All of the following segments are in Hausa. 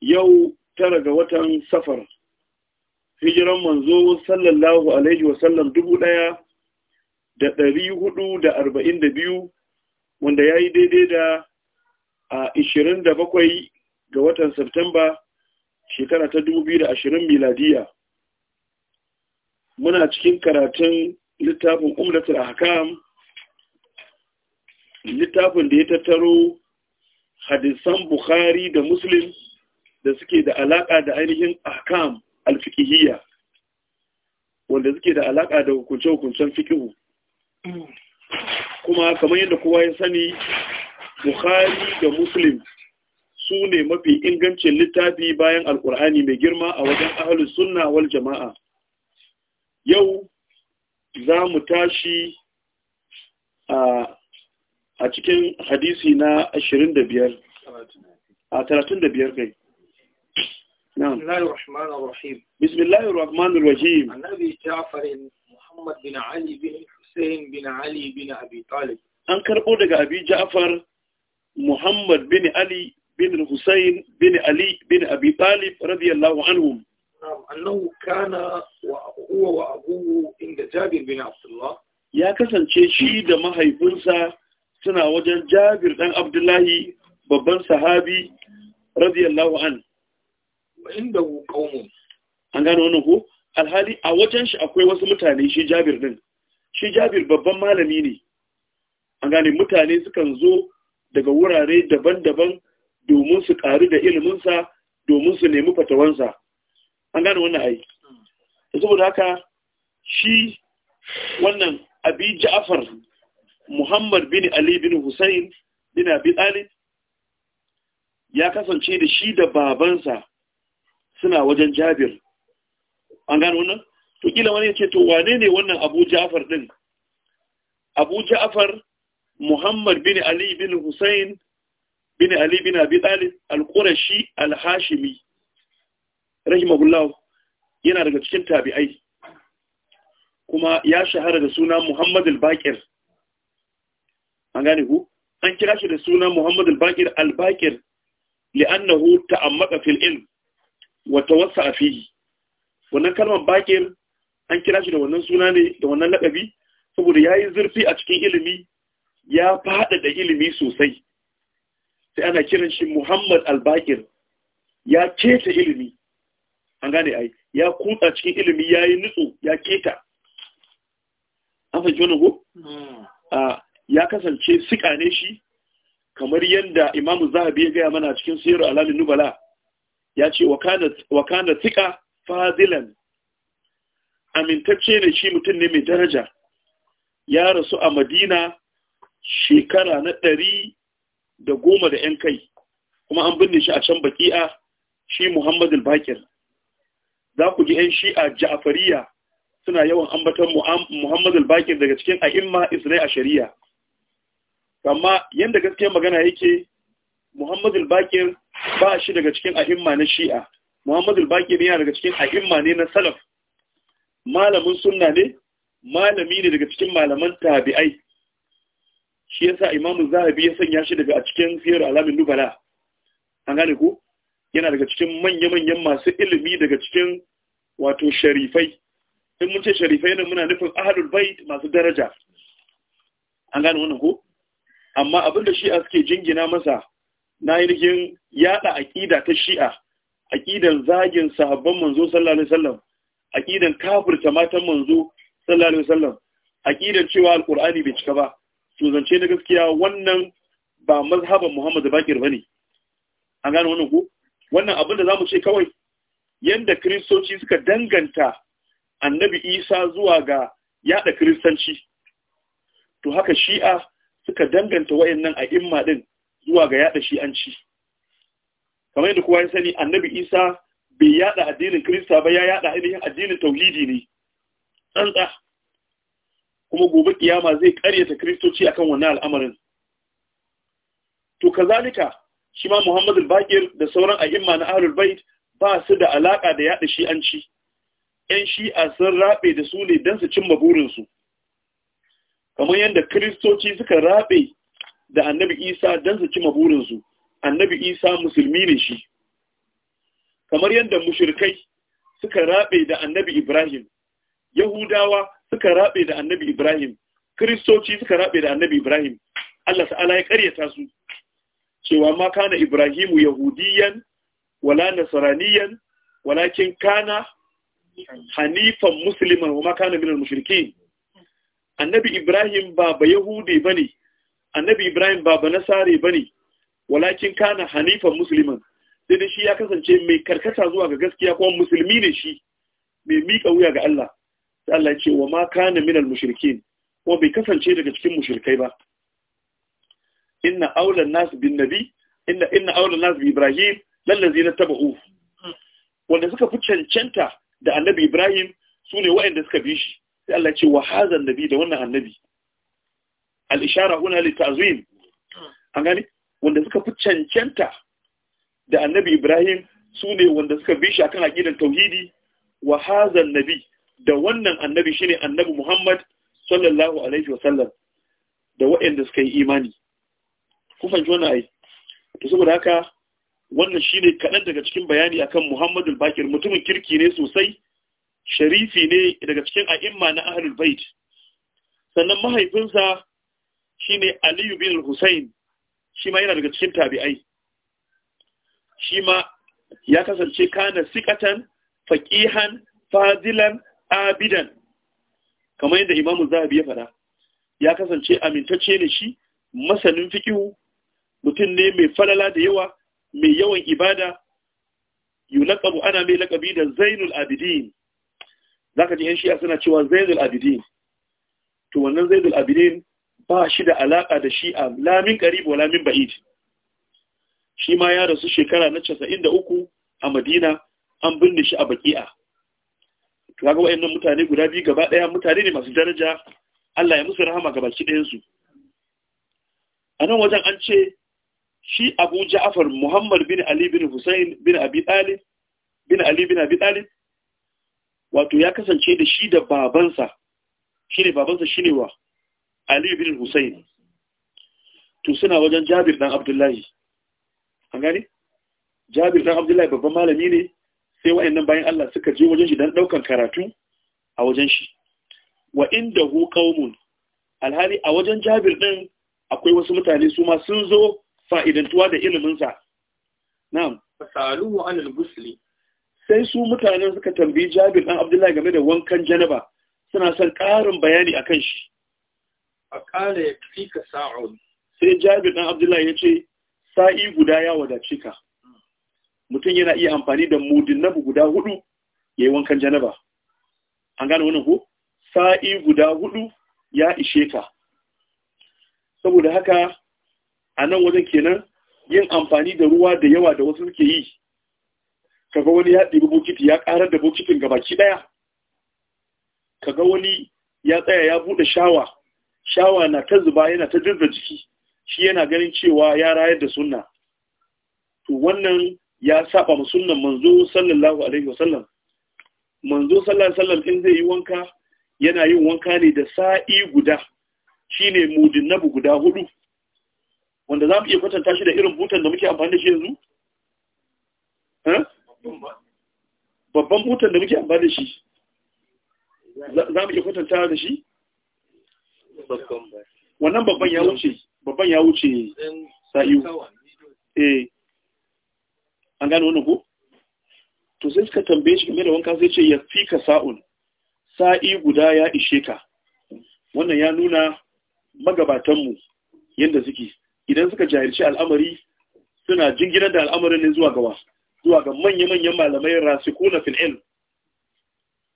yau tara ga watan safar hijiran manzo sallallahu alaihi wasallam dubu ɗaya da ɗari hudu da arba'in da biyu wanda ya yi daidai da a ishirin da bakwai ga watan Septemba shekara ta dubu biyu da ashirin miladiya muna cikin karatun littafin umratul ahkam littafin da ya tattaro hadisan bukhari da muslim da suke da alaƙa da ainihin ahkam alfikihiyya wanda suke da alaƙa da hukunce-hukuncen fikihu kuma kamar yadda kowa ya sani bukhari da muslim su ne mafi ingancin littafi bayan Alƙur'ani mai girma a wajen ahalus sunna wal jama'a yau za mu tashi a cikin hadisi na 25 a 35 kai نعم بسم الله الرحمن الرحيم بسم الله الرحمن الرحيم عن أبي جعفر محمد بن علي بن بن علي بن أبي طالب an karɓo daga abi ja'far muhammad bin ali bin husayn bin ali bin abi talib radiyallahu anhum annahu kana wa huwa wa inda jabir bin abdullah ya kasance shi da mahaifinsa suna wajen jabir dan abdullahi babban sahabi radiyallahu inda an gano wannan ko alhali a wajen shi akwai wasu mutane shi Jabir din shi Jabir babban malami ne an gane mutane sukan zo daga wurare daban-daban domin su karu da ilimin sa domin su nemi fatawansa an gane wannan ai hmm. saboda haka shi wannan abi Ja'far Muhammad bin Ali bin Hussein bin Abi Talib ya kasance da shi da babansa suna wajen jabir an gano wannan to kila wani ce to wane ne wannan abu ja'far din abu ja'far muhammad bin ali bin hussein bin ali bin abi talib al-qurashi al-hashimi rahimahullah yana daga cikin tabi'ai kuma ya shahara da suna muhammad al-baqir an gane ku an kira shi da suna muhammad al-baqir al-baqir li'annahu ta'ammaka fil ilm wa tawassa fihi wannan kalmar bakir an kira shi da wannan suna ne da wannan lakabi saboda yayi zurfi a cikin ilimi ya faɗaɗa ilimi sosai sai ana kiran shi Muhammad al-Bakir ya keta ilimi an gane ai ya kutsa cikin ilimi yayi nutsu ya keta an fahimci wannan ko hmm. ya kasance sika ne shi kamar yadda Imam Zahabi ya gaya mana cikin Sirru Alamin Nubala ya ce wa kana tsika fadilan amintacce ne shi mutum ne mai daraja ya rasu a madina shekara na ɗari da goma da ‘yan kai kuma an binne shi a can baki'a shi muhammadu bakir za ku ji ‘yan shi'a ja'afariya suna yawan ambatan muhammadu bakir daga cikin a'imma israi a shari'a amma yadda gaskiyar magana yake muhammadu bakir ba shi daga cikin ahimma na shi'a muhammadu bakiri yana daga cikin ahimma ne na salaf malamin sunna ne malami ne daga cikin malaman tabi'ai shi yasa imamu zahabi ya sanya shi daga a cikin siyar alamin nubala an gane ko yana daga cikin manya-manyan masu ilimi daga cikin wato sharifai in mun ce sharifai nan muna nufin ahlul bait masu daraja an gane wannan ko amma abin da shi a suke jingina masa na ainihin yaɗa aƙida ta shi'a aƙidan zagin sahabban manzo sallallahu alaihi wasallam aƙidan kafirta matan manzo sallallahu alaihi wasallam aƙidan cewa alqur'ani bai cika ba to zance na gaskiya wannan ba mazhaban Muhammad Bakir bane an gane wannan ko wannan abin da zamu ce kawai yanda kristoci suka danganta annabi Isa zuwa ga yaɗa kristanci to haka shi'a suka danganta wayannan a'imma din zuwa ga yada ci. kamar yadda kowa ya sani annabi isa bai yada addinin kirista ba ya yada ainihin addinin tauhidi ne tsantsa kuma gobe kiyama zai karyata kristoci akan wannan al'amarin to kazalika shi ma muhammad al-bakir da sauran a'imma na ahlul bait ba su da alaka da yada ci. yan shi'a sun rabe da su ne don su cimma burinsu kamar yadda kristoci suka rabe da annabi isa don su cima burinsu annabi isa musulmi ne shi kamar yadda mushirkai suka rabe da annabi ibrahim yahudawa suka rabe da annabi ibrahim kiristoci suka rabe da annabi ibrahim allah ta'ala ya karyata su cewa ma kana ibrahimu yahudiyan wala nasraniyan walakin kana hanifan musliman wa ma kana minal mushrikin annabi ibrahim ba ba yahudi bane annabi ibrahim ba banasare bane walakin kana hanifan musliman sai dai shi ya kasance mai karkata zuwa ga gaskiya kuma musulmi ne shi mai mika wuya ga Allah sai Allah ya ce wa ma kana minal mushrikin kuma bai kasance daga cikin mushrikai ba inna aulan nas bin nabi inna inna aulan nas bi ibrahim lallazina taba'u wanda suka fi cancanta da annabi ibrahim su ne waɗanda suka bi shi sai Allah ce wa hazan nabi da wannan annabi al-ishara huna li ta'zim an gani wanda suka fi cancanta da annabi Ibrahim su ne wanda suka bi shi akan aqidan tauhidi wa hadha nabi da wannan annabi shine annabi Muhammad sallallahu alaihi wasallam da waɗanda suka yi imani ku fahimci ai to saboda haka wannan shine kaɗan daga cikin bayani akan Muhammadul Bakir mutumin kirki ne sosai sharifi ne daga cikin a'imma na ahlul bait sannan mahaifinsa shine Aliyu bin Hussein shi ma yana daga cikin tabi'ai shi ma ya kasance kana sikatan faqihan fadilan abidan kamar yadda Imam Zahabi ya faɗa ya kasance amintacce ne shi masanin fiqihu mutum ne mai falala da yawa mai yawan ibada yulaqabu ana mai laqabi da Zainul Abidin zaka ji yan shi'a suna cewa Zainul Abidin to wannan Zainul Abidin ba shi da alaƙa da shi a lamin ƙarib wa lamin ba'id shi ma ya rasu shekara na casa'in da uku a madina an binne shi a baki'a kaga wayannan mutane guda biyu gaba ɗaya mutane ne masu daraja Allah ya musu rahama ga baki ɗayansu a nan wajen an ce shi abu ja'afar muhammad bin ali bin hussein bin abi ɗalib bin ali bin abi ɗalib wato ya kasance da shi da babansa shi babansa shi wa Ali bin Hussein to suna wajen Jabir dan Abdullahi an gani Jabir dan Abdullahi babban malami ne sai wayannan bayan Allah suka je wajen shi dan daukan karatu a wajen shi wa indahu qaumun alhali a wajen Jabir din akwai wasu mutane su ma sun zo fa'idantuwa da ilimin sa na'am fasaluhu anil ghusli sai su mutanen suka tambayi Jabir dan Abdullahi game da wankan janaba suna son ƙarin bayani akan shi a kare sa'un sai jabir dan abdullahi ya ce sa'i guda ya wadace ka mutum yana iya amfani da mudin nabu guda hudu ya yi wankan janaba an gane wannan ko sa'i guda hudu ya ishe ka saboda haka a nan wajen kenan yin amfani da ruwa da yawa da wasu suke yi kaga wani ya ɗibi bokiti ya ƙarar da bokitin gabaki ɗaya kaga wani ya tsaya ya buɗe shawa shawa na ta zuba yana ta dirga jiki shi yana ganin cewa ya rayar da sunna to wannan ya saba ma sunnan manzo sallallahu alaihi wasallam manzo sallallahu alaihi wasallam in zai yi wanka yana yin wanka ne da sa'i guda shine mudin nabu guda hudu wanda za mu iya kwatanta shi da irin butan da muke amfani da shi yanzu? Babban butan da muke amfani da shi, za mu iya kwatanta da shi? wannan babban ya wuce babban ya wuce sa'iyu eh an gano wani ku? to sai suka tambaye shi game da wanka sai ce ya fi ka sa'un sa'i guda ya ishe ka wannan ya nuna magabatanmu yadda suke idan suka jahilci al'amari suna jingirar da al'amarin ne zuwa gawa zuwa ga manya-manyan malamai rasikuna fil'il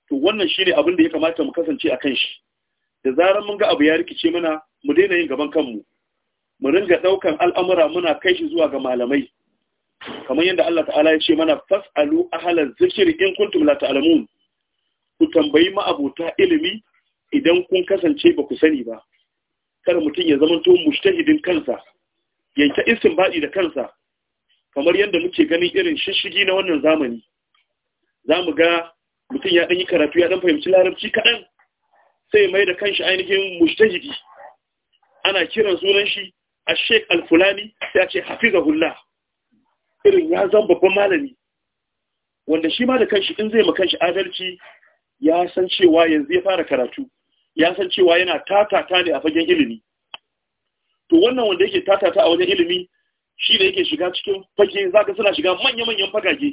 to wannan shine abin da ya kamata mu kasance a kan shi da zarar mun ga abu ya rikice mana mu daina yin gaban kanmu mu ringa daukan al'amura muna kai shi zuwa ga malamai kamar yadda Allah ta'ala ya ce mana fas'alu ahlan zikri in kuntum la ta'lamun ku tambayi ma'abota ilimi idan kun kasance ba ku sani ba kar mutum ya zama to mujtahidin kansa yanke istinbadi da kansa kamar yadda muke ganin irin shishigi na wannan zamani zamu ga mutum ya dan yi karatu ya dan fahimci larabci kadan sai mai da kanshi ainihin mujtahidi ana kiran sunan shi a sheik alfulani sai a ce hafizahullah irin ya zan babban malami wanda shi ma da kanshi in zai ma kanshi adalci ya san cewa yanzu ya fara karatu ya san cewa yana tatata ne a fagen ilimi to wannan wanda yake tatata a wajen ilimi shi da yake shiga cikin fage zaka suna shiga manya-manyan fagage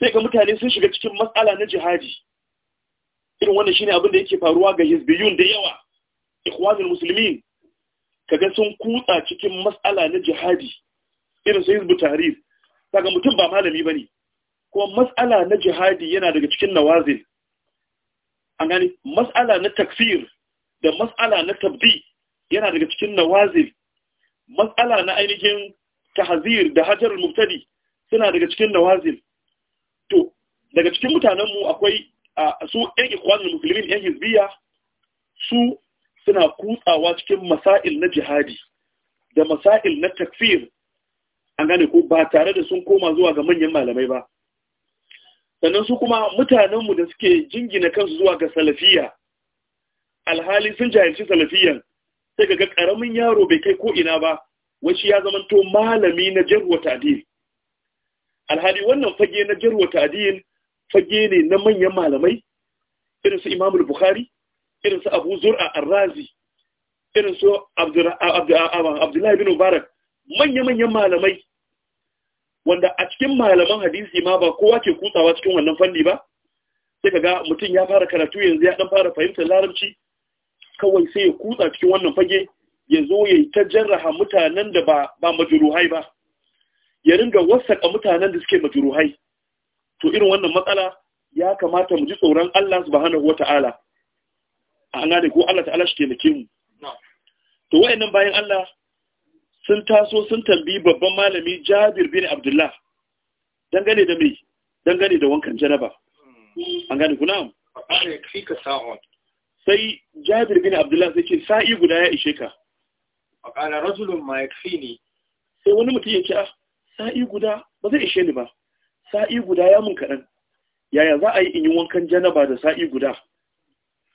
sai ga mutane sun shiga cikin matsala na jihadi irin wannan shine abin da yake faruwa ga hizbiyun da yawa ikhwanul muslimin kaga sun kutsa cikin mas'ala na jihadi irin su hizbu tahrir kaga mutum ba malami bane kuma mas'ala na jihadi yana daga cikin nawazil an gani mas'ala na takfir da mas'ala na tabdi yana daga cikin nawazil mas'ala na ainihin tahzir da hajarul mubtadi suna daga cikin nawazil to daga cikin mutanen mu akwai Ah, su yan ikwanin musulmin yan hizbiya su suna kutsawa cikin masail na jihadi da masail na takfir an gane ko ba tare da sun koma zuwa ga manyan malamai ba sannan su kuma mutanenmu da suke jingina kansu zuwa ga salafiya alhali sun jahilci salafiyan sai ga karamin yaro bai kai ko'ina ina ba wasu ya zamanto malami na jarwa ta'dil alhali wannan fage na jarwa ta'dil fage ne na manyan malamai irin su Imamul Bukhari irin su Abu Zur'a irin su Abdullahi bin Mubarak manya-manyan malamai wanda a cikin malaman hadisi ma ba kowa ke kutsawa cikin wannan fanni ba sai ga mutum ya fara karatu yanzu ya dan fara fahimtar larabci kawai sai ya kutsa cikin wannan fage ya zo ya yi ta jarraha mutanen da ba ba majuruhai ba ya ringa wasaka mutanen da suke majuruhai to irin wannan matsala ya kamata mu ji tsoron Allah subhanahu wata'ala an gane ko Allah ta'ala shi taimake mu to wayannan bayan Allah sun taso sun tambayi babban malami Jabir bin Abdullah dangane da me dangane da wankan janaba hmm. an gane ku na'am sai Jabir bin Abdullah sai ce sa'i guda ya ishe ka faqala rajulun ma yakfini sai wani mutum ya ce ah, sa'i guda ba zai ishe ni ba sa'i guda ya mun kaɗan yaya za a yi in yi wankan janaba da sa'i guda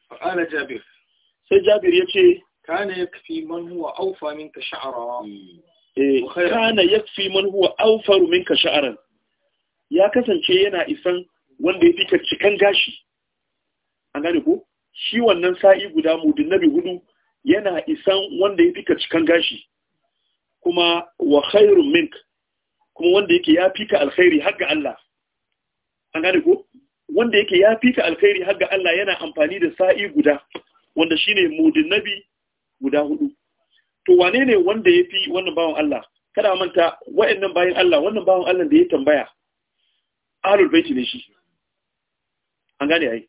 fa'ala jabir sai jabir ya ce kana yakfi man huwa awfa minka sha'ra eh kana yakfi man huwa minka sha'ran ya kasance yana isan wanda ya fi cikan gashi an gane ko shi wannan sa'i guda mudin nabi hudu yana isan wanda ya fi cikan gashi kuma wa khairun mink kuma wanda yake ya ka alkhairi har ga Allah an gane ko wanda yake ya ka alkhairi har ga Allah yana amfani da sa'i guda wanda shine mudin nabi guda hudu to wane ne wanda yafi wannan bawan Allah kada manta wayannan bayan Allah wannan bawan Allah da ya tambaya ahlul baiti ne shi an gane ai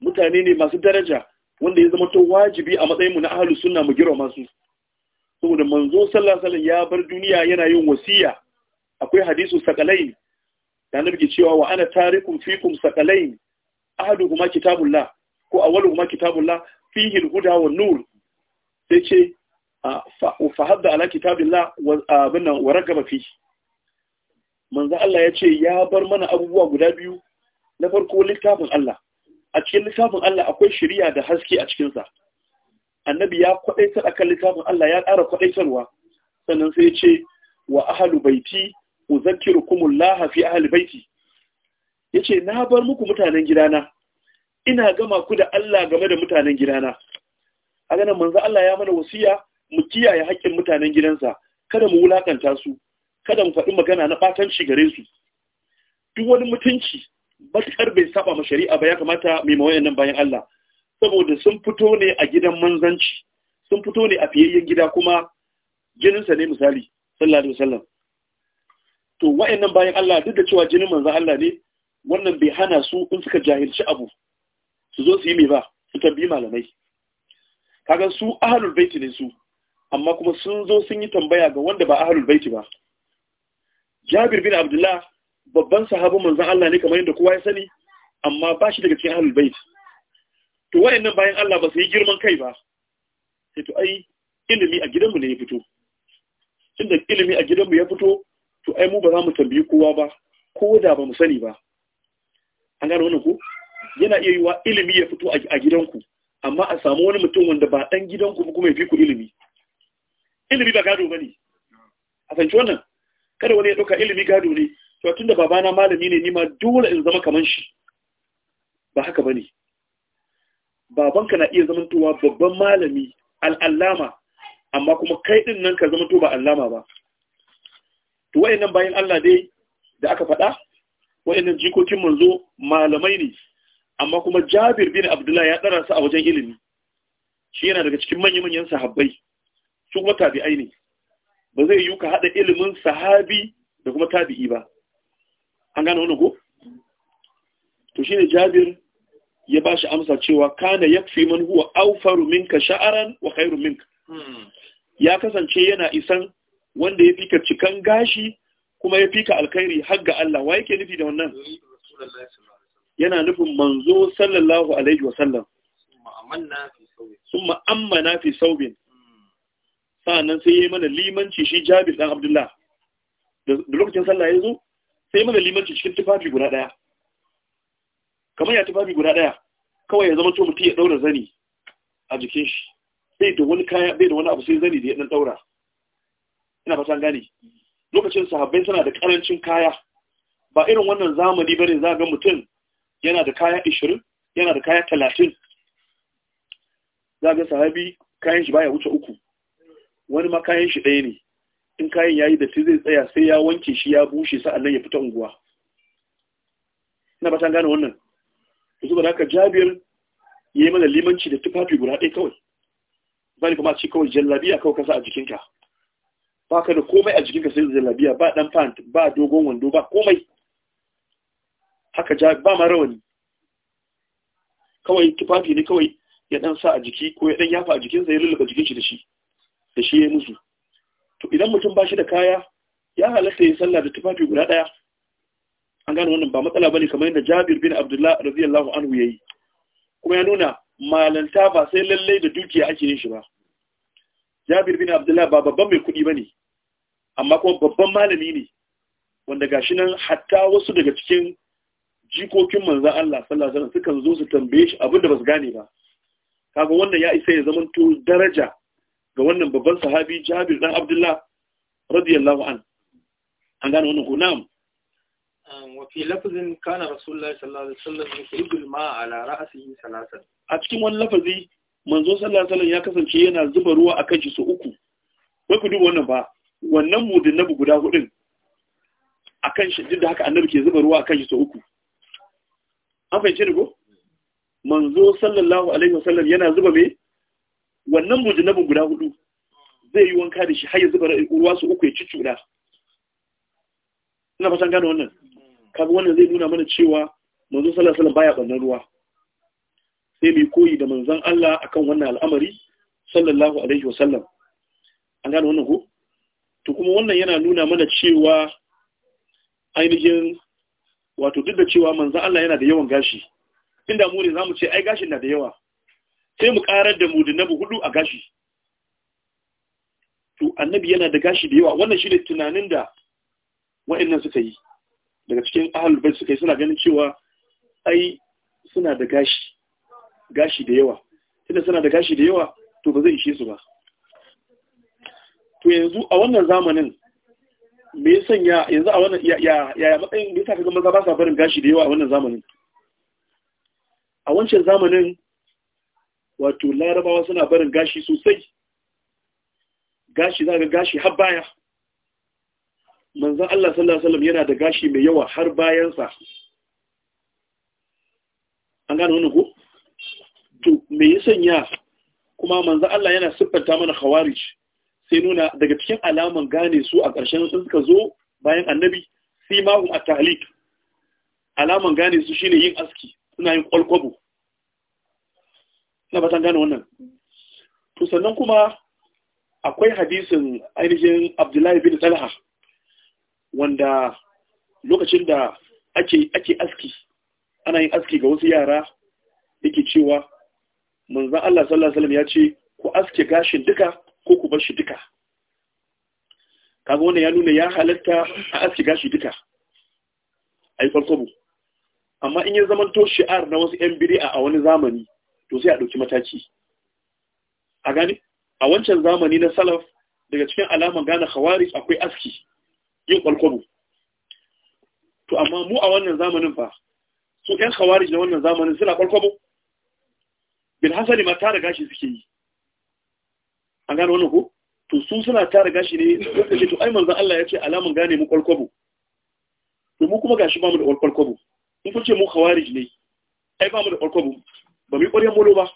mutane ne masu daraja wanda ya zama to wajibi a matsayin mu na ahlus sunna mu girma su saboda manzo sallallahu alaihi wasallam ya bar duniya yana yin wasiya akwai hadisu sakalain da na cewa wa ana tarikum fikum sakalain ahaduhuma kitabullah ko kuma kitabullah fihi al-huda wan nur yace fa hadda ala kitabillah wa abinna wa ragaba fihi manzo Allah ya ce ya bar mana abubuwa guda biyu na farko littafin Allah a cikin littafin Allah akwai shari'a da haske a cikin sa annabi ya kwadaita akan littafin Allah ya ƙara kwadaitarwa sannan sai yace wa ahlu baiti uzakkirukumullah fi ahli baiti yace na bar muku mutanen gidana ina gama ku da Allah game da mutanen gidana a ganin manzo Allah ya mana wasiya mu kiyaye haƙƙin mutanen gidansa kada mu wulakanta su kada mu faɗi magana na batanci gare su duk wani mutunci matuƙar bai saba ma shari'a ba ya kamata mai mawayan nan bayan Allah saboda sun fito ne a gidan manzanci sun fito ne a fiyayyen gida kuma jininsa ne misali sallallahu alaihi wasallam to wa'annan bayan Allah duk da cewa jinin manzon Allah ne wannan bai hana su in suka jahilci abu su zo su yi mai ba su tabbi malamai kaga su ahlul baiti ne su amma kuma sun zo sun yi tambaya ga wanda ba ahlul baiti ba Jabir bin Abdullah babban sahabin manzon Allah ne kamar yadda kowa ya sani amma ba shi daga cikin ahlul baiti to wa'annan bayan Allah ba su yi girman kai ba sai to ai ilimi a gidanmu ne ya fito Inda ilimi a gidanmu ya fito to ai mu ba za mu tambayi kowa ba ko da ba mu sani ba an gane wannan ko yana iya yiwa ilimi ya fito a gidanku amma a samu wani mutum wanda ba dan gidanku ba kuma ya fi ku ilimi ilimi ba gado bane a fahimci wannan kada wani ya dauka ilimi gado ne to da babana malami ne ni ma dole in zama kaman shi ba haka bane babanka na iya zamantowa babban malami al'allama amma kuma kai din nan ka zamanto ba allama ba to wayannan bayan Allah dai da aka faɗa wayannan jikokin manzo malamai ne amma kuma Jabir bin Abdullah ya tsara su a wajen ilimi shi yana daga cikin manya-manyan sahabbai su kuma tabi'ai ne ba zai yi ka haɗa ilimin sahabi da kuma tabi'i ba an gane wani ko to shine Jabir ya ba shi amsa cewa kana yakfi man huwa awfaru minka sha'aran wa khairu minka hmm. ya kasance yana isan wanda ya fika cikan gashi kuma ya fika alkhairi har ga Allah wa yake nufi da wannan yana nufin manzo sallallahu alaihi wasallam summa ammana fi saubin Sannan sai yayi mana limanci shi Jabir dan Abdullah da lokacin sallah ya zo sai mana limanci cikin tufafi guda daya kamar ya tufafi guda daya kawai ya zama to mutum ya daura zani a jikin shi sai da wani kaya bai da wani abu sai zani da ya dan daura ina fatan gane lokacin sahabbai suna da karancin kaya ba irin wannan zamani bane za ga mutum yana da kaya 20 yana da kaya 30 za ga sahabi kayan shi baya wuce uku wani ma kayan shi ɗaya ne in kayan yayi da zai tsaya sai ya wanke shi ya bushe sa'annan ya fita unguwa ina fatan gane wannan yanzu ba haka jabir yayi mana limanci da tufafi guda ɗaya kawai bani kuma ci kawai jallabiya kawai kasa a jikinka ba ka da komai a jikinka sai zalabiya ba dan pant ba dogon wando ba komai haka ja ba ma rawani kawai tufafi ne kawai ya dan sa a jiki ko ya dan yafa a jikinsa ya lulluka jikin shi da shi da shi ya musu to idan mutum ba shi da kaya ya halatta ya sallah da tufafi guda ɗaya an gane wannan ba matsala bane kamar yadda Jabir bin Abdullah radiyallahu anhu yayi kuma ya nuna malanta ba sai lalle da dukiya ake yin shi ba Jabir bin Abdullah ba babban mai kuɗi bane amma kuma babban malami ne wanda gashi nan hatta wasu daga cikin jikokin manzan Allah sallallahu alaihi wasallam sukan zo su tambaye shi abinda ba su gane ba kaga wannan ya isa ya zaman to daraja ga wannan babban sahabi Jabir dan Abdullah radiyallahu an an gane wannan ko na'am wa fi lafzin kana rasulullahi sallallahu alaihi wasallam yusibul ma ala ra'sihi salatan a cikin wani lafazi manzo sallallahu alaihi wasallam ya kasance yana zuba ruwa akan shi su uku ba ku duba wannan ba wannan mudin nabi guda hudun kan shi duk da haka annabi ke zuba ruwa a kan shi sau uku an fahimci ni ko manzo sallallahu alaihi wasallam yana zuba me wannan mudin nabi guda hudu zai yi wanka da shi har ya zuba ruwa su uku ya cuccuda ina fatan gane wannan kaga wannan zai nuna mana cewa manzo sallallahu alaihi wasallam baya bannan ruwa sai mai koyi da manzon Allah akan wannan al'amari sallallahu alaihi wasallam an gane wannan ko to kuma wannan yana nuna mana cewa ainihin wato duk da cewa manzo Allah yana da yawan gashi inda mu ne zamu ce ai gashin na da yawa sai mu karar da mudinabu hudu a gashi to annabi yana da gashi da yawa wannan shi tunanin da wa'annan suka yi daga cikin ahlul bai suka yi suna ganin cewa ai suna da gashi gashi da yawa tunda suna da gashi da yawa to ba zai ishe su ba to yanzu a wannan zamanin me ya sanya yanzu a wannan ya ya matsayin da yasa kaga maza ba sa barin gashi da yawa a wannan zamanin a wancan zamanin wato larabawa suna barin gashi sosai gashi za ga gashi har baya manzan Allah sallallahu Alaihi wasallam yana da gashi mai yawa har bayansa an gane wani ko? to me ya sanya kuma manzan Allah yana siffanta mana khawarij sai nuna daga cikin alaman gane su a ƙarshen sun suka zo bayan annabi sai mahum a talik alaman gane su shine yin aski suna yin kwalkwabo na batan gane wannan to sannan kuma akwai hadisin ainihin abdullahi bin talha wanda lokacin da ake ake aski ana yin aski ga wasu yara yake cewa manzan Allah sallallahu alaihi ya ce ku aske gashin duka ko ku bar shi duka kaga wannan ya nuna ya halatta a aski gashi duka a yi bu amma in ya zama to shi'ar na wasu 'yan biri'a a wani zamani to sai a ɗauki mataki a gani a wancan zamani na salaf daga cikin alaman gane khawarij akwai aski yin kwalkwabo to amma mu a wannan zamanin fa su 'yan khawarij na wannan zamanin suna kwalkwabo bin hasali ma tara gashi suke yi an gane wannan ko to sun suna tara gashi ne suka ce to ai manzon Allah ya ce alamun gane mu kwalkwabo to mu kuma gashi ba mu da kwalkwabo in kun ce mu khawarij ne ai ba mu da kwalkwabo ba mu yi ƙwaryen molo ba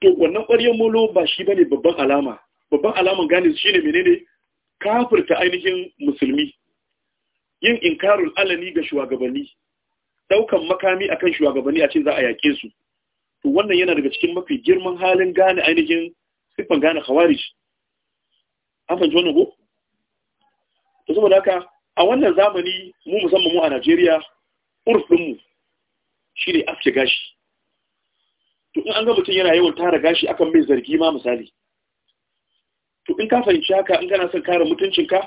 to wannan ƙwaryen molo ba shi bane babban alama babban alaman gane ne menene kafirta ainihin musulmi yin inkarul alani ga shugabanni daukan makami akan shugabanni a ce za a yake su to wannan yana daga cikin mafi girman halin gane ainihin duk ban gane khawarij an fahimci wannan ko to saboda haka a wannan zamani mu musamman mu a Najeriya urfin mu ne afke gashi to in an ga mutum yana yawan tara gashi akan mai zargi ma misali to in ka fahimci haka in kana son kare mutuncinka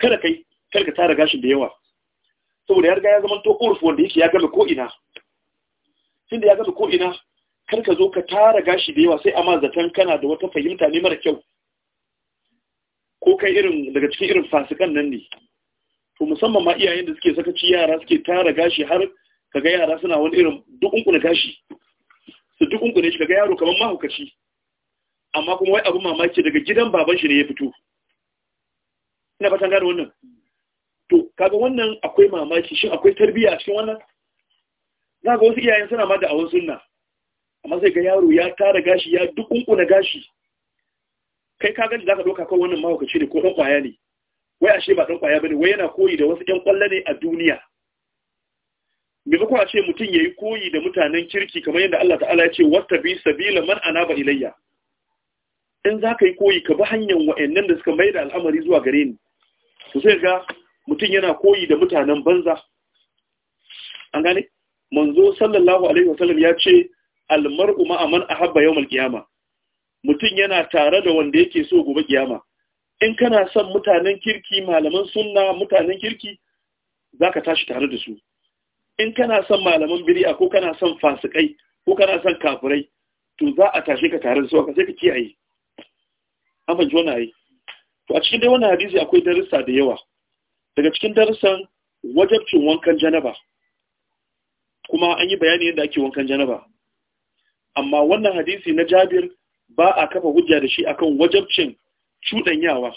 kada kai kar ka tara gashin da yawa saboda ya riga ya zama to urf wanda yake ya gama ko ina da ya gama ko ina kar ka zo ka tara gashi da yawa sai amma zaton kana da wata fahimta ne mara kyau ko kai irin daga cikin irin fasikan nan ne to musamman ma iyayen da suke sakaci yara suke tara gashi har ka ga yara suna wani irin dukunkuna gashi su dukunkuna shi ka ga yaro kamar mahaukaci amma kuma wai abin mamaki daga gidan baban shi ne ya fito ina fatan gane wannan to kaga wannan akwai mamaki shin akwai tarbiyya a cikin wannan za ga wasu iyayen suna ma da awon sunna amma sai ga yaro ya tara gashi ya dukunkuna gashi kai ka gani zaka doka kan wannan mahaukaci ne ko dan kwaya ne wai ashe ba dan kwaya bane wai yana koyi da wasu ƴan kwalla ne a duniya me ko ce mutum yayi koyi da mutanen kirki kamar yadda Allah ta'ala ya ce bi sabila man anaba ilayya in zaka yi koyi ka bi hanyar wa'annan da suka maida al'amari zuwa gare ni to sai ga mutum yana koyi da mutanen banza an gane manzo sallallahu alaihi wasallam ya ce almar'u ma man ahabba yawmal qiyama mutum yana tare da wanda yake so gobe kiyama in kana son mutanen kirki malaman sunna mutanen kirki zaka tashi tare da su in kana son malaman biri'a ko kana son fasikai ko kana son kafirai to za a tashi ka tare da su ka sai ka kiyaye amma ji yi. to a cikin dai wannan hadisi akwai darussa da yawa daga cikin darussan wajabcin wankan janaba kuma an yi bayani yadda ake wankan janaba amma wannan hadisi na jabir ba a kafa hujja da shi akan wajabcin cuɗanyawa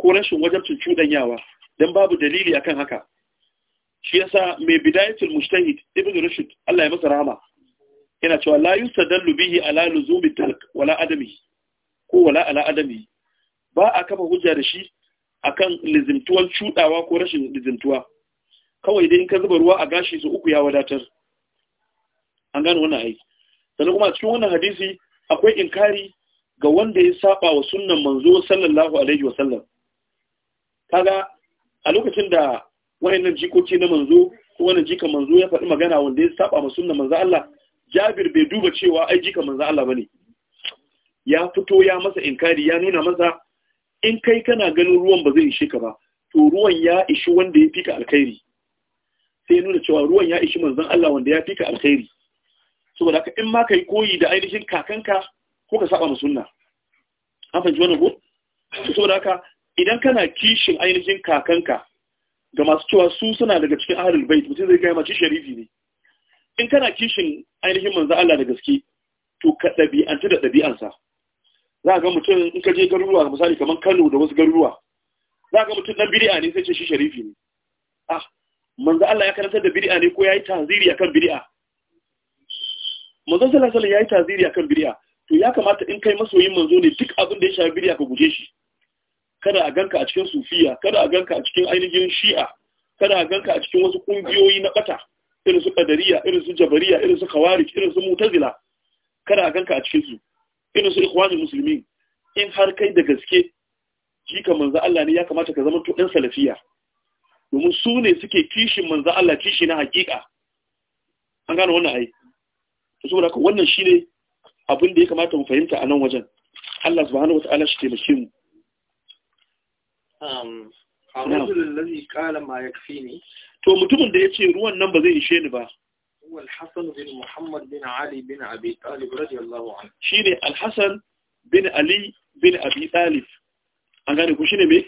ko rashin wajabcin cuɗanyawa don babu dalili akan haka shi yasa mai bidayatul mujtahid ibnu rushd Allah ya masa rahama yana cewa la yusadallu bihi ala luzumi talq wala adami ko wala ala adami ba a kafa hujja da shi akan lizimtuwar cudawa ko rashin lizimtuwa kawai dai in ka zuba ruwa a gashi su uku ya wadatar an gano wannan aiki sannan kuma cikin wannan hadisi akwai inkari ga wanda ya saba wa sunnan manzo sallallahu alaihi wasallam kaga a lokacin da wayannan jikoki na manzo ko wannan jika manzo ya faɗi magana wanda ya saba wa sunnan manzo Allah Jabir bai duba cewa ai jika manzo Allah bane ya fito ya masa inkari ya nuna masa in kai kana ganin ruwan ba zai ishe ka ba to ruwan ya ishi wanda ya fika alkhairi sai nuna cewa ruwan ya ishi manzon Allah wanda ya fika alkhairi saboda haka in ma kai koyi da ainihin kakanka ko ka saba musunna an fahimci wannan ko saboda haka idan kana kishin ainihin kakanka ga masu cewa su suna daga cikin ahlul bait mutum zai kai mace sharifi ne in kana kishin ainihin manzo Allah da gaske to ka dabi'anta da dabi'ansa za ga mutum in ka je garuruwa misali kamar Kano da wasu garuruwa za ga mutum dan bid'a ne sai ce shi sharifi ne ah manzo Allah ya karantar da bid'a ne ko yayi tanziri akan bid'a manzon sallallahu alaihi yayi taziri akan bid'a to ya kamata in kai masoyin manzo ne duk abin da ya shafi bid'a ka guje shi kada a ganka a cikin sufiya kada a ganka a cikin ainihin shi'a kada a ganka a cikin wasu kungiyoyi na bata irin su qadariya irin su jabariya irin su khawarij irin su mu'tazila kada a ganka a cikin su irin su ikhwanul muslimin in har kai da gaske jika manzo Allah ne ya kamata ka zama to dan salafiya domin su ne suke kishin manzo Allah kishi na hakika an gano wannan ai saboda haka wannan shi ne abin da ya kamata mu fahimta a nan wajen Allah subhanahu wataala shi taimake mu um arrajul allazi qala ma yakfini to mutumin da ya ce ruwan nan ba zai ishe ni ba wal hasan bin muhammad bin ali bin abi talib radiyallahu anhu shine bin ali bin abi talib an gane ku shine me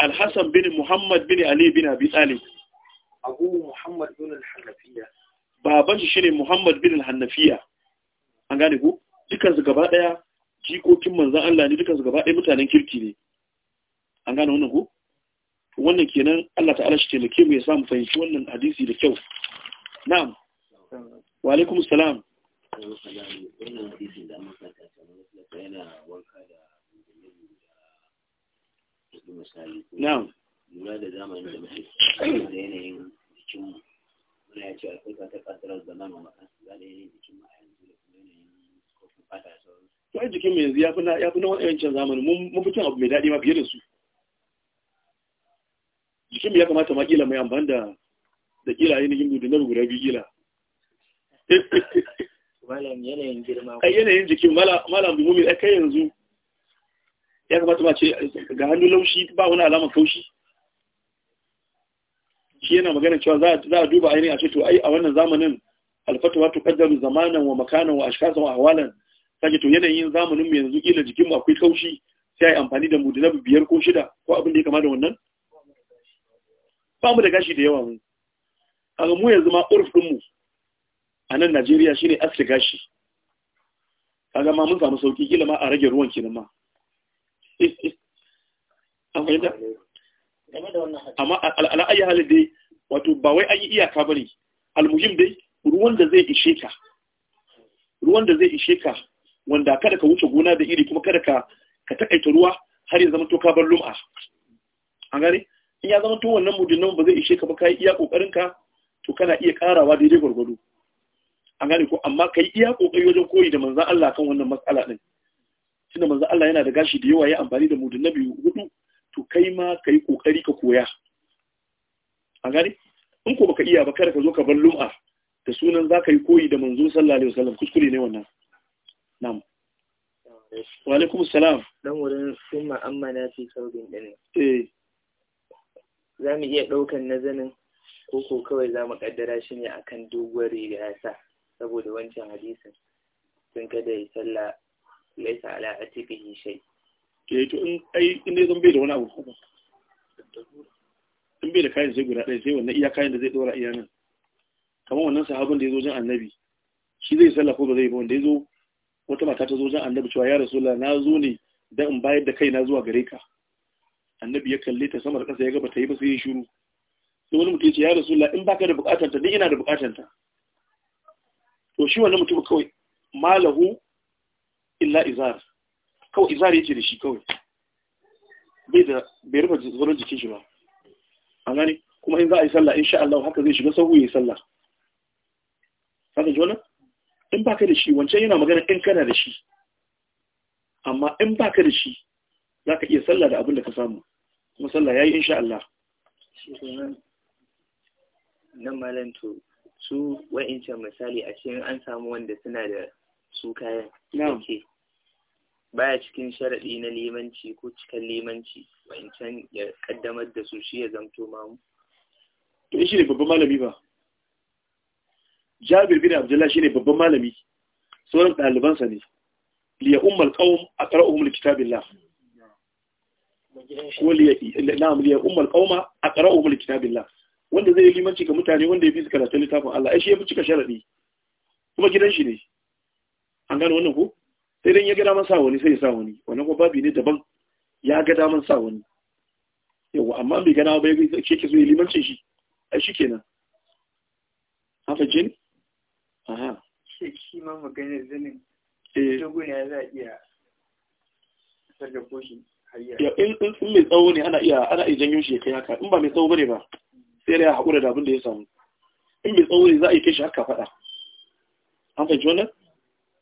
Alhassan, bin muhammad bin ali bin abi talib abu muhammad bin al hanafiya baban shi shine Muhammad bin al-Hanafiya an gane ku dukan su gaba daya jikokin manzon Allah ne dukan su gaba daya mutanen kirki ne an gane wannan ku wannan kenan Allah ta'ala shi taimake mu ya samu fahimci wannan hadisi da kyau na'am wa alaikum salam na'am lura da zamanin da da yanayin jikinmu wani ya ce a kuka ta kasarar zama wa makan su zaɗe yanayin jikin ma a yanzu da kuma yanayin kofin fata da sauransu. to ai jikin mu yanzu ya fi na ya fi na wancan zamanin mun fi cin abu mai daɗi ma fiye da su jikin mu ya kamata ma kila mai amfani da da kila yanayin gudu na guda biyu kila. malam yanayin girma. ai yanayin jikin malam bi mumin ai kai yanzu ya kamata ma ce ga hannu laushi ba wani alamar kaushi. shi yana magana cewa za a duba ainihin a ce to ai a wannan zamanin alfatawa to kaddaru zamanan wa makanan wa ashkasan wa ahwalan sake to yanayin zamanin mu yanzu kila jikin mu akwai kaushi sai ai amfani da mudina biyar ko shida ko abin da ya kama da wannan ba mu da gashi da yawa mu a mu yanzu ma urfin mu a nan Najeriya shine aske gashi kaga ma mun samu sauki kila ma a rage ruwan kenan ma eh, eh. amma al'ayyar halin dai wato ba wai an yi iyaka ba ne almuhim dai ruwan da zai ishe ka ruwan da zai ishe ka wanda kada ka wuce gona da iri kuma kada ka ka takaita ruwa har ya zama to ka bar lum'a A gane in ya zama to wannan mudin nan ba zai ishe ka ba kai iya kokarin ka to kana iya karawa daidai gwargwado A gane ko amma kai iya kokari wajen koyi da manzon Allah kan wannan matsala din tunda manzon Allah yana da gashi da yawa ya amfani da mudin nabi hudu to kai ma ka yi ƙoƙari ka koya a gane in ko baka iya ba kada ka zo ka bar lum'a da sunan za ka yi koyi da manzon sallallahu alaihi wasallam kuskure ne wannan na'am wa alaikum salam dan wurin sunna amma na fi saurin dane eh za mu iya daukan nazanin ko ko kawai za mu kaddara shi ne akan doguwar rigasa saboda wancan hadisin sun kada yi sallah laisa ala atibihi shay Eh, to yayi in ai in dai zan bai da wani abu kuma in bai da kayan sai guda ɗaya sai wannan iya kayan da zai ɗora iya nan kamar wannan sahabin da ya zo jin annabi shi zai sallah ko ba zai yi ba wanda ya zo wata mata ta zo jin annabi cewa ya rasu na zo ne dan in bayar da kaina zuwa gare ka annabi ya kalle ta samar ƙasa ya gaba ta yi ba sai ya shiru sai wani mutum ya ce ya rasu in baka da buƙatar ta ni ina da buƙatar ta to shi wannan mutum kawai malahu illa izar kawai izari yake da shi kawai bai da bai rufe zuwan jikin shi ba a gani kuma in za a yi sallah insha Allah haka zai shiga sahu yi sallah haka ji wani? in ka da shi wancan yana magana in kana da shi amma in ba ka da shi za ka iya sallah da abin da ka samu kuma sallah yi insha Allah nan malam to su wa'incan misali a cikin an samu wanda suna da su kayan baya cikin sharaɗi na limanci ko cikin limanci wancan ya kaddamar da su shi ya zamto mamu to shi ne babban malami ba jabir bin abdullah shi ne babban malami sauran ɗalibansa ne liya umar ƙawon a ƙara ko liya umar ƙawon a wanda zai yi limanci ga mutane wanda ya fi karatun littafin Allah ai shi ya fi cika sharaɗi kuma gidan shi ne an gano wannan ko sai dan ya ga daman sa wani sai ya sa wani wannan kuma babi ne daban ya ga daman sa wani yawa amma bai gana ba ya ce ki zo ya limanci shi ai shi kenan haka jin aha shi shi ma maganar zanin eh. dogon ya za iya sarrafa shi ya in in mai tsawo ne ana iya ana iya janyo shi kai haka in ba mai tsawo bane ba sai ya haƙura da abin da ya samu in mai tsawo ne za a yi kai shi haka faɗa an fahimci wannan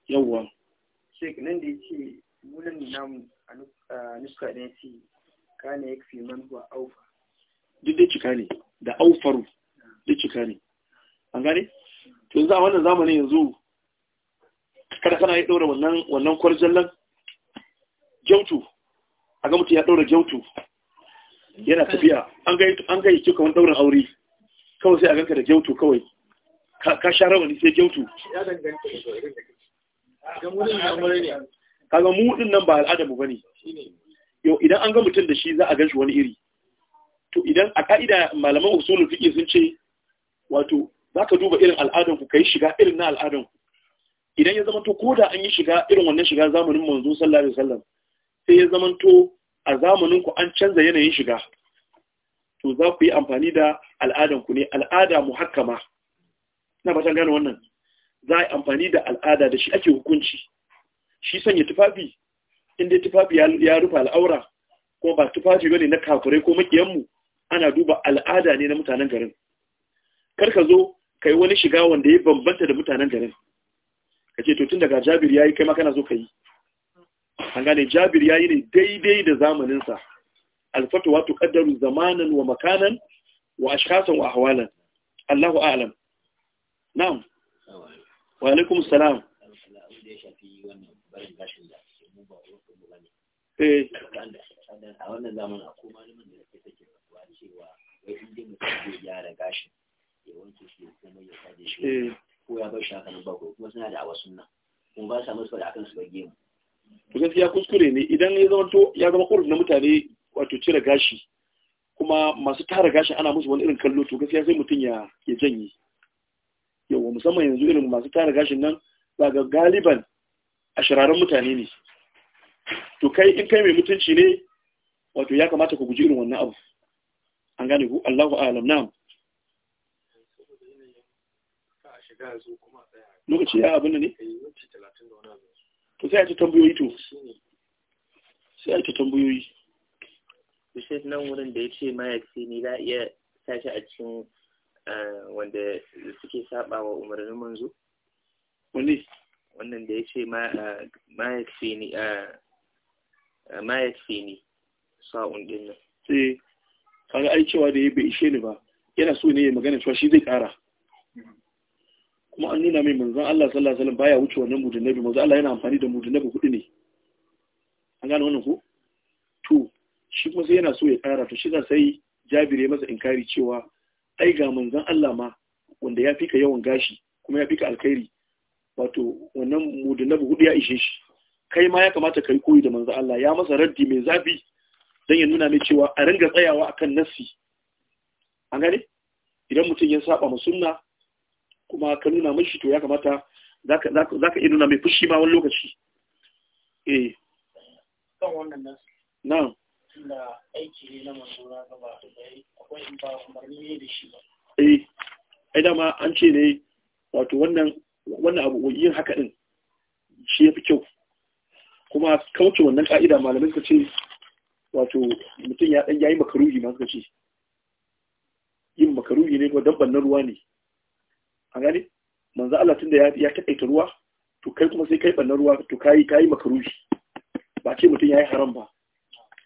yawwa shek nan da ya ce munan namu a nuska da ya kane ya fi man zuwa aufa duk da cika ne da aufaru duk cika ne an gane to yanzu a wannan zamanin yanzu kada kana ya ɗora wannan wannan kwarjallan jautu a ga mutum ya ɗora jautu yana tafiya an ga an ga yake kawai ɗaurin aure kawai sai a ganka da jautu kawai ka sha rawani sai jautu ya danganta da irin da kaga mu din nan ba al'ada mu bane yau idan an ga mutum da shi za a ganshi wani iri to idan a ka'ida malaman usulul fiqh sun ce wato zaka duba irin al'adan ku kai shiga irin na al'adan idan ya zamanto ko da an yi shiga irin wannan shiga zamanin manzo sallallahu alaihi wasallam sai ya zamanto a zamanin ku an canza yanayin shiga to za ku yi amfani da al'adan ku ne al'ada muhakkama na ba ta gane wannan za a yi amfani da al'ada da shi ake hukunci shi sanya tufafi inda tufafi ya rufe al'aura kuma ba tufafi bane na kafirai ko makiyanmu ana duba al'ada ne na mutanen garin kar ka zo yi wani shiga wanda ya bambanta da mutanen garin ka ce to tun daga jabir yi kai ma kana zo yi an gane jabir yi ne daidai da zamaninsa. sa al kaddaru tuqaddaru zamanan wa makanan wa ashkhasan wa ahwalan Allahu a'lam na'am wa alaikum salam ya eh. eh. to gaskiya kuskure ne idan ya zama to ya zama na mutane wato cire gashi kuma masu tara gashi ana musu wani irin kallo to gaskiya sai mutum ya ya janye yau musamman yanzu irin masu tara gashin nan ba ga galiban a shirarren mutane ne to kai in kai mai mutunci ne wato ya kamata ku guji irin wannan abu an gane ku Allahu a'lam na'am lokaci ya abin ne to sai a ci tambayoyi to sai a ci tambayoyi Bishop nan wurin da ya ce mayafi ne za a iya sashi a cikin Eh, wanda suke saba wa umarnin manzo wani wannan da ya ce ma eh, ya fi ni eh, ma ya ni sa'un din nan sai kaga ai cewa da ya bai ishe ni ba yana so ne ya magana cewa shi zai kara kuma an nuna mai manzon Allah sallallahu alaihi wasallam baya wuce wannan nabi manzon Allah yana amfani da nabi hudu ne an gane wannan ko to shi kuma sai yana so ya kara to shi za sai jabire masa inkari cewa ai ga manzan Allah ma wanda ya fika yawan gashi kuma ya fika alkhairi wato wannan na hudu ya ishe shi kai ma ya kamata yi koyi da manzan Allah ya masa raddi mai zafi dan ya nuna mai cewa a ringa tsayawa akan nassi an gane idan mutum ya saba ma sunna kuma ka nuna mashi to ya kamata zaka zaka iya nuna mai fushi ma wani lokaci eh wannan nassi na'am tunda aiki ne na manzo gaba da akwai in ba umarni ne da shi ba eh ai dama an ce ne wato wannan wannan abu yin haka din shi yafi kyau kuma kauce wannan ka'ida malamai suka ce wato mutum ya dan yayi makaruhi ma suka ce yin makaruhi ne ko dabban ruwa ne a gani manzo Allah tunda ya ya takaita ruwa to kai kuma sai kai bannan ruwa to kai kai makaruhi ba ce mutum yayi haram ba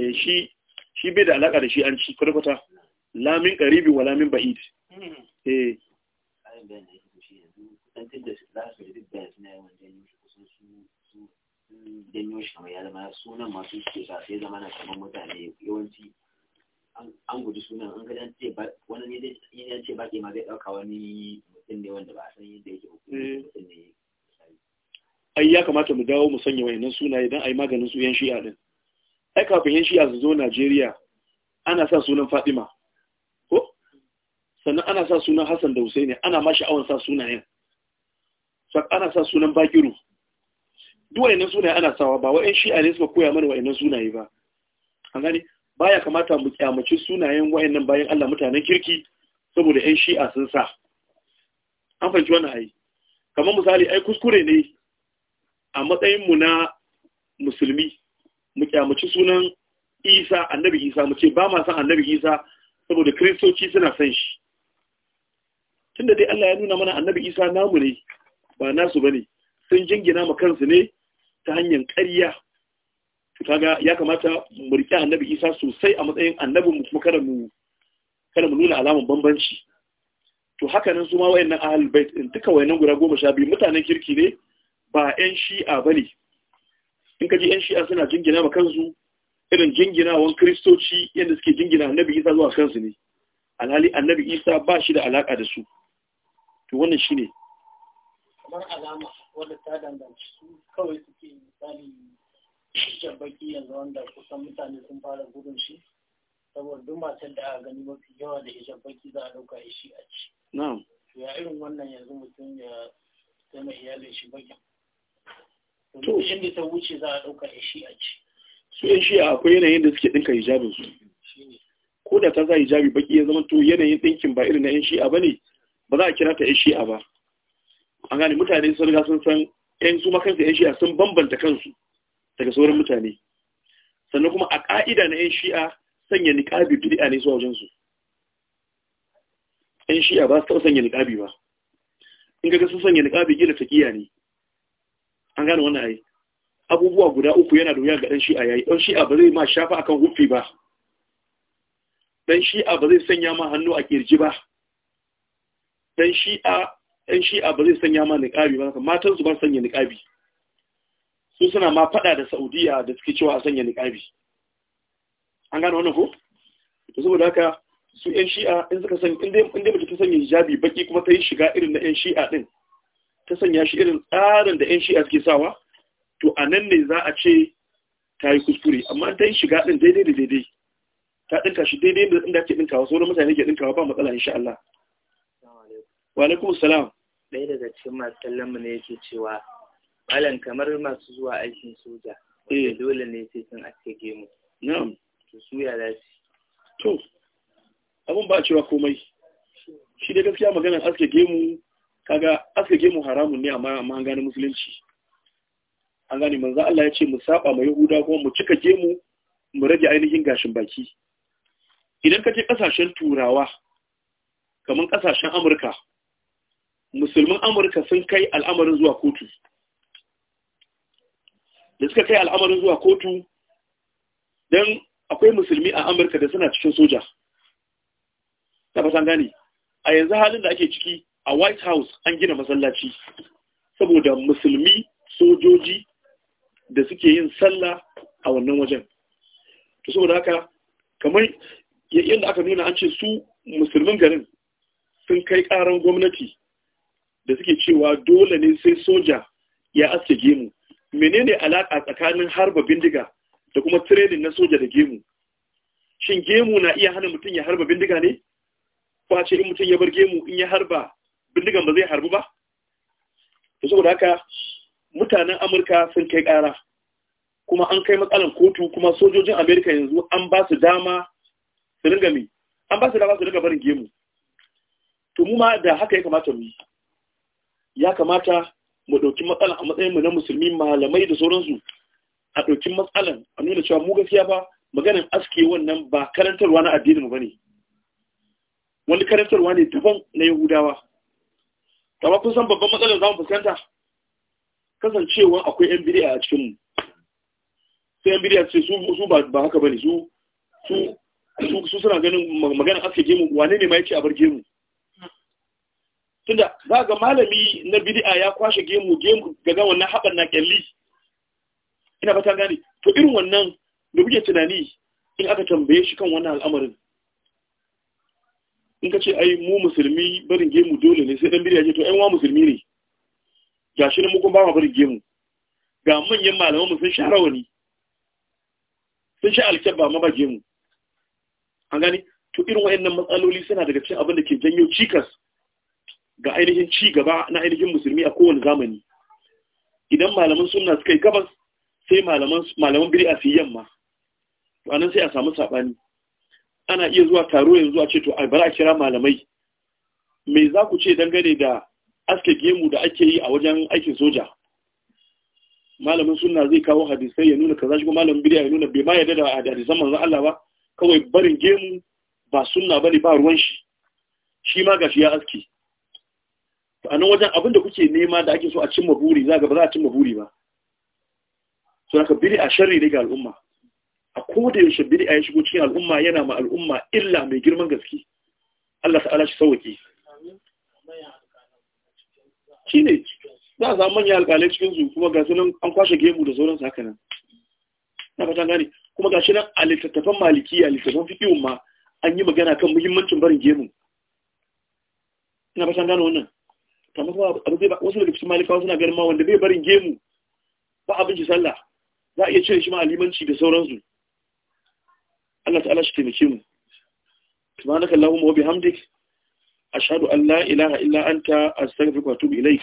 Eh, shi shi bai da alaka da shi an ci kwata-kwata lamin ƙaribi wa lamin ba'id an guji sunan an gadan ce ba wani ne ya ce baƙi ma zai ɗauka wani mutum ne wanda ba a san yadda yake mutum ne ai ya kamata mu dawo mu sanya wayannan sunaye don a yi maganin su yan shi'a din ai kafin yan shi'a su zo Najeriya ana sa sunan Fatima ko sannan ana sa sunan Hassan da Husaini ana ma sha'awan sa sunayen sak ana sa sunan Bakiru duk wayannan sunaye ana sawa ba wa'in shi'a ne suka koya mana wayannan sunaye ba an gani baya kamata mu kyamaci sunayen wayannan bayan Allah mutanen kirki saboda ƴan shi'a sun sa an fahimci wannan ai kamar misali ai kuskure ne a matsayin mu na musulmi mu kyamaci sunan Isa annabi Isa mu ce ba ma san annabi Isa saboda kiristoci suna san shi tunda dai Allah ya nuna mana annabi Isa namu ne ba nasu bane sun jingina ma kansu ne ta hanyar ƙarya kaga ya kamata mu riƙe annabi Isa sosai a matsayin annabin mu kuma kada mu nuna alamun bambanci to haka nan su ma wayannan ahlul bait in duka wayannan guda goma sha biyu mutanen kirki ne ba 'yan shi'a bane in ka ji yan shi'a suna jingina ma kansu irin jinginawan kristoci yadda suke jingina annabi isa zuwa kansu ne alhali annabi isa ba shi da alaka da su to wannan shi ne kamar alama wadda ta danganci su kawai suke misali baki yanzu wanda kusan mutane sun fara gudun shi saboda duk matan da aka gani mafi yawa da baki za a dauka ya shi a ci na'am ya irin wannan yanzu mutum ya tana iyalin shi bakin to yadda ta wuce za a ɗauka ya shi a ci su yan shi akwai yanayin da suke ɗinka hijabin su ko da ta za hijabi baki ya zama to yanayin ɗinkin ba irin na yan shi'a ba ne ba za a kira ta yan shi'a ba an gane mutane sun riga sun san yan su makansu yan shi'a sun bambanta kansu daga sauran mutane sannan kuma a ƙa'ida na yan shi'a sanya niƙabi bid'a ne zuwa wajensu yan shi'a ba su taɓa sanya niƙabi ba in ga sun sanya niƙabi gina taƙiya ne an gane wannan ayi. abubuwa guda uku yana da wuya ga dan shi'a yayi dan shi'a ba zai ma shafa akan hufi ba dan shi'a ba zai sanya ma hannu a kirji ba dan shi'a dan shi'a ba zai sanya ma niqabi ba matan su ba sanya niqabi su suna ma fada da Saudiya da suke cewa a sanya niqabi an gane wannan ko to saboda haka su yan shi'a in suka san in dai mace ta sanya hijabi baki kuma ta yi shiga irin na yan shi'a din ta sanya shi irin tsarin da 'yan shi'a suke sawa to a nan ne za a ce ta yi kuskure amma ta yi shiga ɗin daidai da daidai ta ɗinka shi daidai da inda ke ɗinkawa sauran mutane ke ɗinkawa ba matsala insha Allah wa alaikum salam ɗaya daga cikin masu kallon mu ne yake cewa malam kamar masu zuwa aikin soja eh. wanda dole ne sai sun aske gemu na'am to su ya dace to abun ba cewa komai shi dai gaskiya maganar aske gemu kaga asirge mu haramun ne amma amma an gane musulunci an gane manzo Allah ya ce mu saba ma yahuda kuma mu cika gemu mu rage ainihin gashin baki idan ka je kasashen turawa kamar kasashen Amurka musulmin Amurka sun kai al'amarin zuwa kotu da suka kai al'amarin zuwa kotu don akwai musulmi a amurka da suna cikin soja ta fasan gani a yanzu halin da ake ciki a white house an gina masallaci saboda musulmi sojoji da suke yin sallah a wannan wajen to saboda haka kamar yadda aka nuna an ce su musulmin garin sun kai karan gwamnati da suke cewa dole ne sai soja ya aske gemu menene alaka tsakanin harba bindiga da kuma training na soja da gemu shin gemu na iya hana mutum ya harba bindiga ne ko ce in mutum ya bar gemu in ya harba bindigan ba zai harbu ba to saboda haka mutanen amurka sun kai kara kuma an kai matsalan kotu kuma sojojin amerika yanzu an ba su dama su ringa mi an ba su dama su ringa barin gemu to mu ma da haka ya kamata mu ya kamata mu ɗauki matsalan a matsayin mu na musulmi malamai da sauransu a ɗauki matsalan a nuna cewa mu gaskiya ba maganin aske wannan ba karantarwa na addinin mu bane wani karantarwa ne daban na yahudawa kama kun san babban matsalar za fuskanta kasancewa akwai yan bidiya a cikinmu sai yan bidiya ce su ba haka bane su su suna ganin magana aske gemu wane ne ma yake a bar gemu tunda za ga malami na bidiya ya kwashe gemu gemu ga wannan haɓar na kyalli ina ba ta to irin wannan da kuke tunani in aka tambaye shi kan wannan al'amarin in ka ce ai mu musulmi barin gemu dole ne sai dan bidiya ce to ai wa musulmi ne Ga shi mu kun ba mu barin gemu ga manyan malaman mu sun sha rawani sun sha alkyabba ma ba gemu an gani to irin wayannan matsaloli suna daga cikin abin da ke janyo cikas ga ainihin ci gaba na ainihin musulmi a kowane zamani idan malaman sunna suka yi gabas sai malaman malaman bid'a su yamma to anan sai a samu sabani ana iya zuwa taro yanzu a ce to a bari a kira malamai me za ku ce dangane da aske gemu da ake yi a wajen aikin soja malamin sunna zai kawo hadisai ya nuna kaza shi kuma malamin bidiya ya nuna bai ma yarda da hadisan manzon Allah ba kawai barin gemu ba sunna bane ba ruwan shi shi ma gashi ya aski a nan wajen abin da kuke nema da ake so a cimma buri zaka ba za a cimma buri ba to haka biri a sharri ne ga al'umma a koda yaushe bid'a ya shigo cikin al'umma yana ma al'umma illa mai girman gaske Allah ta'ala shi sauki shine za a samu manyan alƙalai cikin su kuma ga sunan an kwashe gemu da sauran haka nan na fatan gane kuma ga shi nan a littattafan maliki a littattafan fikiyun ma an yi magana kan muhimmancin barin gemu na fatan gane wannan kamar kuma abu zai ba wasu daga cikin malikawa suna ganin ma wanda bai barin gemu ba abin shi sallah za a iya cire shi ma alimanci da sauransu Allah ta'ala shi taimake mu subhanaka allahumma wa bihamdik ashhadu an la ilaha illa anta astaghfiruka wa atubu ilayk